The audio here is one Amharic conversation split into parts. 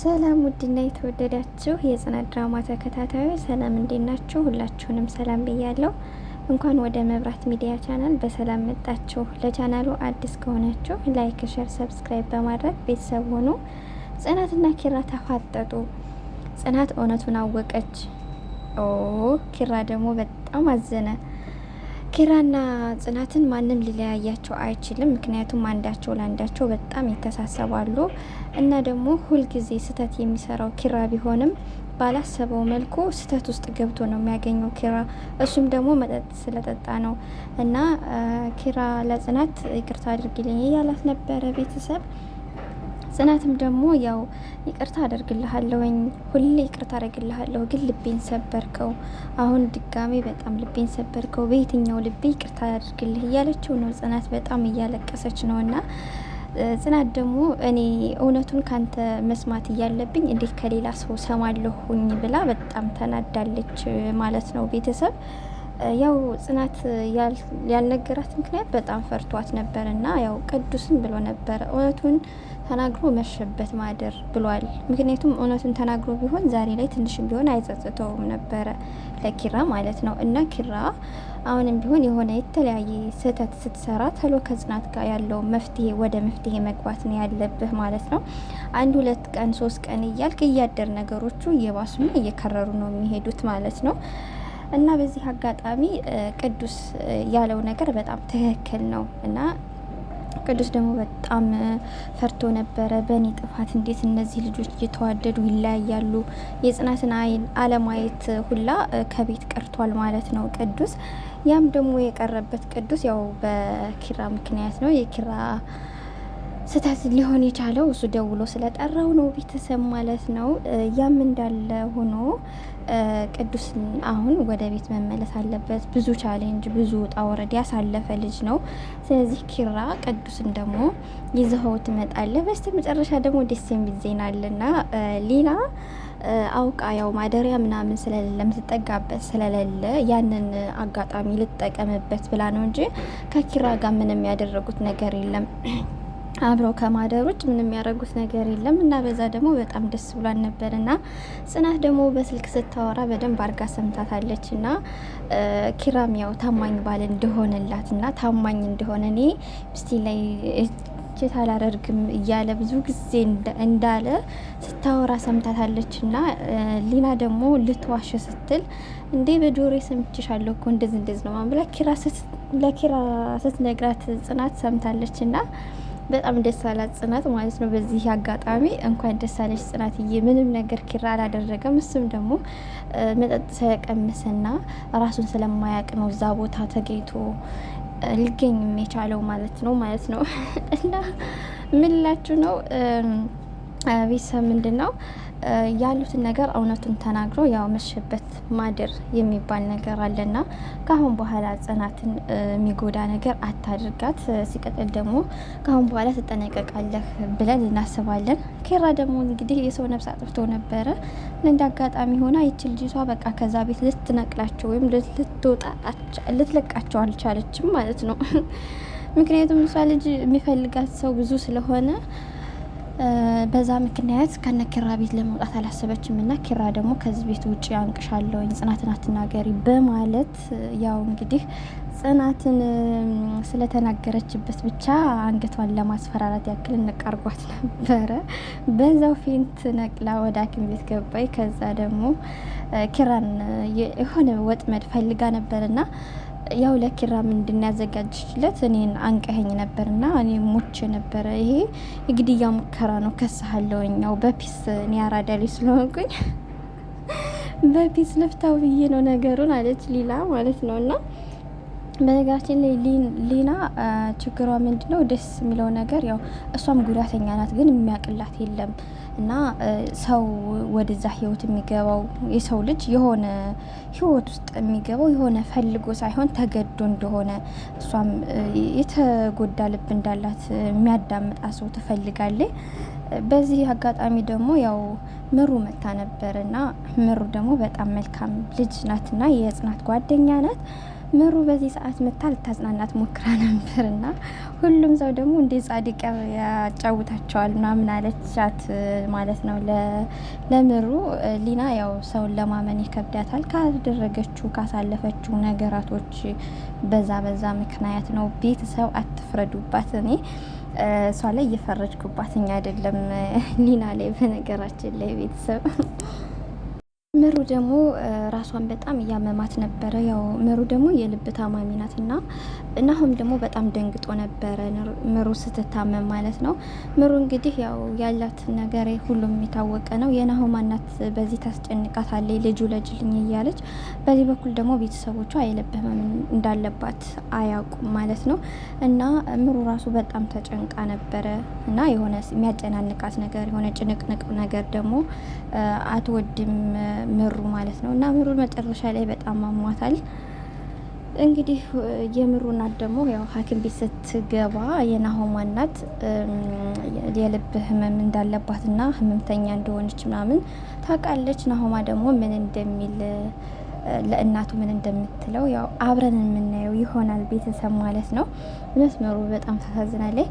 ሰላም ውድና የተወደዳችሁ የጽናት ድራማ ተከታታዮች ሰላም እንዴት ናችሁ? ሁላችሁንም ሰላም ብያለሁ። እንኳን ወደ መብራት ሚዲያ ቻናል በሰላም መጣችሁ። ለቻናሉ አዲስ ከሆናችሁ ላይክ፣ ሸር፣ ሰብስክራይብ በማድረግ ቤተሰብ ሆኑ። ጽናትና ኪራ ተፋጠጡ። ጽናት እውነቱን አወቀች። ኦ ኪራ ደግሞ በጣም አዘነ። ኪራና ጽናትን ማንም ሊለያያቸው አይችልም። ምክንያቱም አንዳቸው ለአንዳቸው በጣም ይተሳሰባሉ እና ደግሞ ሁልጊዜ ስህተት የሚሰራው ኪራ ቢሆንም ባላሰበው መልኩ ስህተት ውስጥ ገብቶ ነው የሚያገኘው ኪራ። እሱም ደግሞ መጠጥ ስለጠጣ ነው እና ኪራ ለጽናት ይቅርታ አድርግልኝ እያላት ነበረ ቤተሰብ ጽናትም ደግሞ ያው ይቅርታ አደርግልሃለሁኝ ሁሌ ይቅርታ አደርግልሃለሁ፣ ግን ልቤን ሰበርከው። አሁን ድጋሜ በጣም ልቤን ሰበርከው። በየትኛው ልቤ ይቅርታ አደርግልህ እያለችው ነው። ጽናት በጣም እያለቀሰች ነው እና ጽናት ደግሞ እኔ እውነቱን ካንተ መስማት እያለብኝ እንዴት ከሌላ ሰው ሰማለሁኝ ብላ በጣም ተናዳለች ማለት ነው ቤተሰብ ያው ጽናት ያልነገራት ምክንያት በጣም ፈርቷት ነበር እና ያው ቅዱስም ብሎ ነበረ እውነቱን ተናግሮ መሸበት ማደር ብሏል። ምክንያቱም እውነቱን ተናግሮ ቢሆን ዛሬ ላይ ትንሽም ቢሆን አይጸጽተውም ነበረ ለኪራ ማለት ነው። እና ኪራ አሁንም ቢሆን የሆነ የተለያየ ስህተት ስትሰራ ተሎ ከጽናት ጋር ያለው መፍትሄ ወደ መፍትሄ መግባት ነው ያለብህ ማለት ነው። አንድ ሁለት ቀን ሶስት ቀን እያልክ እያደር ነገሮቹ እየባሱና እየከረሩ ነው የሚሄዱት ማለት ነው። እና በዚህ አጋጣሚ ቅዱስ ያለው ነገር በጣም ትክክል ነው እና ቅዱስ ደግሞ በጣም ፈርቶ ነበረ። በእኔ ጥፋት እንዴት እነዚህ ልጆች እየተዋደዱ ይለያያሉ? የጽናትን አይን አለማየት ሁላ ከቤት ቀርቷል ማለት ነው ቅዱስ። ያም ደግሞ የቀረበት ቅዱስ ያው በኪራ ምክንያት ነው የኪራ ስህተት ሊሆን የቻለው እሱ ደውሎ ስለጠራው ነው ቤተሰብ ማለት ነው። ያም እንዳለ ሆኖ ቅዱስ አሁን ወደ ቤት መመለስ አለበት። ብዙ ቻሌንጅ፣ ብዙ ውጣ ወረድ ያሳለፈ ልጅ ነው። ስለዚህ ኪራ ቅዱስን ደግሞ ይዘኸው ትመጣለህ። በስተ መጨረሻ ደግሞ ደስ የሚል ዜና አለና ሌላ አውቃ ያው ማደሪያ ምናምን ስለሌለ ምትጠጋበት ስለሌለ ያንን አጋጣሚ ልትጠቀምበት ብላ ነው እንጂ ከኪራ ጋር ምንም ያደረጉት ነገር የለም። አብረው ከማደሮች ምንም የሚያደርጉት ነገር የለም እና በዛ ደግሞ በጣም ደስ ብሏን ነበር። እና ጽናት ደግሞ በስልክ ስታወራ በደንብ አርጋ ሰምታታለች። እና ኪራም ያው ታማኝ ባል እንደሆነላት እና ታማኝ እንደሆነ እኔ ምስቲ ላይ እጅት አላደርግም እያለ ብዙ ጊዜ እንዳለ ስታወራ ሰምታታለች። እና ሊና ደግሞ ልትዋሽ ስትል እንዴ በጆሮ ሰምችሻለሁ እኮ እንደዚህ እንደዚህ ነው ማምላ ለኪራ ስትነግራት ጽናት ሰምታለች እና በጣም ደስ አላት ጽናት ማለት ነው። በዚህ አጋጣሚ እንኳን ደስ ጽናት ጽናትዬ። ምንም ነገር ኪራ አላደረገም። እሱም ደግሞ መጠጥ ስለቀመሰና ራሱን ስለማያቅ ነው እዛ ቦታ ተገኝቶ ሊገኝም የቻለው ማለት ነው ማለት ነው። እና ምን ላችሁ ነው ቤተሰብ ምንድን ነው ያሉትን ነገር እውነቱን ተናግሮ ያው መሸበት ማደር የሚባል ነገር አለና ከአሁን በኋላ ጽናትን የሚጎዳ ነገር አታድርጋት። ሲቀጥል ደግሞ ከአሁን በኋላ ትጠነቀቃለህ ብለን እናስባለን። ኬራ ደግሞ እንግዲህ የሰው ነብስ አጥፍቶ ነበረ። እንደ አጋጣሚ ሆና ይች ልጅቷ በቃ ከዛ ቤት ልትነቅላቸው ወይም ልትወጣ ልትለቃቸው አልቻለችም ማለት ነው። ምክንያቱም እሷ ልጅ የሚፈልጋት ሰው ብዙ ስለሆነ በዛ ምክንያት ከነ ኪራ ቤት ለመውጣት አላሰበችም እና ኪራ ደግሞ ከዚህ ቤት ውጭ አንቅሻለሁ ጽናትን አትናገሪ በማለት ያው እንግዲህ ጽናትን ስለተናገረችበት ብቻ አንገቷን ለማስፈራራት ያክል እንቃርጓት ነበረ። በዛው ፌንት ነቅላ ወደ ሐኪም ቤት ገባይ። ከዛ ደግሞ ኪራን የሆነ ወጥመድ ፈልጋ ነበርና ያው ለኪራም እንድናዘጋጅለት እኔን አንቀኸኝ ነበር እና እኔ ሞቼ ነበረ። ይሄ የግድያ ሙከራ ነው፣ ከስሃለሁኝ። ያው በፒስ እኔ አራዳ ላይ ስለሆንኩኝ በፒስ ልፍታው ብዬ ነው ነገሩን አለች ሊላ ማለት ነው እና በነገራችን ላይ ሊና ችግሯ ምንድነው ደስ የሚለው ነገር ያው እሷም ጉዳተኛ ናት፣ ግን የሚያቅላት የለም እና ሰው ወደዛ ህይወት የሚገባው የሰው ልጅ የሆነ ህይወት ውስጥ የሚገባው የሆነ ፈልጎ ሳይሆን ተገዶ እንደሆነ እሷም የተጎዳ ልብ እንዳላት የሚያዳምጣ ሰው ትፈልጋለች። በዚህ አጋጣሚ ደግሞ ያው ምሩ መታ ነበር እና ምሩ ደግሞ በጣም መልካም ልጅ ናትና የጽናት ጓደኛ ናት። ምሩ በዚህ ሰዓት መታ ልታጽናናት ሞክራ ነበር እና ሁሉም ሰው ደግሞ እንዴ ጻድቅ ያጫውታቸዋል ምናምን አለቻት ማለት ነው። ለምሩ ሊና ያው ሰውን ለማመን ይከብዳታል ካደረገችው ካሳለፈችው ነገራቶች በዛ በዛ ምክንያት ነው። ቤተሰብ አትፍረዱባት። እኔ እሷ ላይ እየፈረድኩባት እኛ አይደለም ሊና ላይ በነገራችን ላይ ቤተሰብ ምሩ ደግሞ ራሷን በጣም እያመማት ነበረ። ያው ምሩ ደግሞ የልብ ታማሚ ናት እና ደግሞ በጣም ደንግጦ ነበረ ምሩ ስትታመም ማለት ነው። ምሩ እንግዲህ ያው ያላት ነገር ሁሉም የታወቀ ነው። የናሁም እናት በዚህ ታስጨንቃታለች፣ ልጁ ለጅልኝ እያለች በዚህ በኩል ደግሞ ቤተሰቦቿ የልብ ህመም እንዳለባት አያውቁም ማለት ነው። እና ምሩ ራሱ በጣም ተጨንቃ ነበረ እና የሆነ የሚያጨናንቃት ነገር የሆነ ጭንቅንቅ ነገር ደግሞ አትወድም ምሩ ማለት ነው። እና ምሩ መጨረሻ ላይ በጣም አሟታል። እንግዲህ የምሩ እናት ደግሞ ያው ሐኪም ቤት ስትገባ የናሆማ እናት የልብ ህመም እንዳለባትና ህመምተኛ እንደሆነች ምናምን ታውቃለች። ናሆማ ደግሞ ምን እንደሚል ለእናቱ ምን እንደምትለው ያው አብረን የምናየው ይሆናል ቤተሰብ ማለት ነው። መስመሩ በጣም ታሳዝናለች።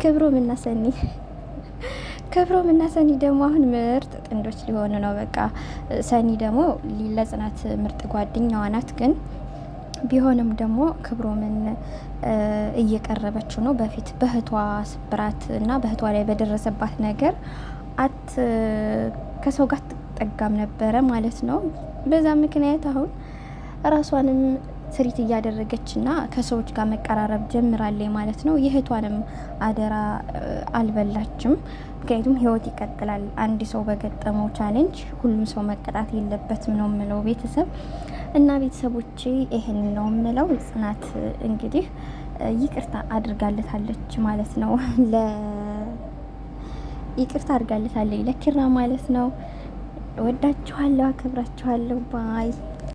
ክብሩ ምናሰኒ ክብሮም እና ሰኒ ደግሞ አሁን ምርጥ ጥንዶች ሊሆኑ ነው። በቃ ሰኒ ደግሞ ሊለጽናት ምርጥ ጓደኛዋ ናት ግን ቢሆንም ደግሞ ክብሮምን እየቀረበችው ነው። በፊት በህቷ ስብራት እና በህቷ ላይ በደረሰባት ነገር አት ከሰው ጋር ትጠጋም ነበረ ማለት ነው። በዛ ምክንያት አሁን ራሷንም ትሪት እያደረገች እና ከሰዎች ጋር መቀራረብ ጀምራለች ማለት ነው። የህቷንም አደራ አልበላችም። ምክንያቱም ህይወት ይቀጥላል። አንድ ሰው በገጠመው ቻሌንጅ ሁሉም ሰው መቀጣት የለበትም ነው የምለው ቤተሰብ እና ቤተሰቦች ይህን ነው የምለው። ጽናት እንግዲህ ይቅርታ አድርጋለታለች ማለት ነው ለ ይቅርታ አድርጋለታለች ለኪራ ማለት ነው። ወዳችኋለሁ፣ አከብራችኋለሁ። ባይ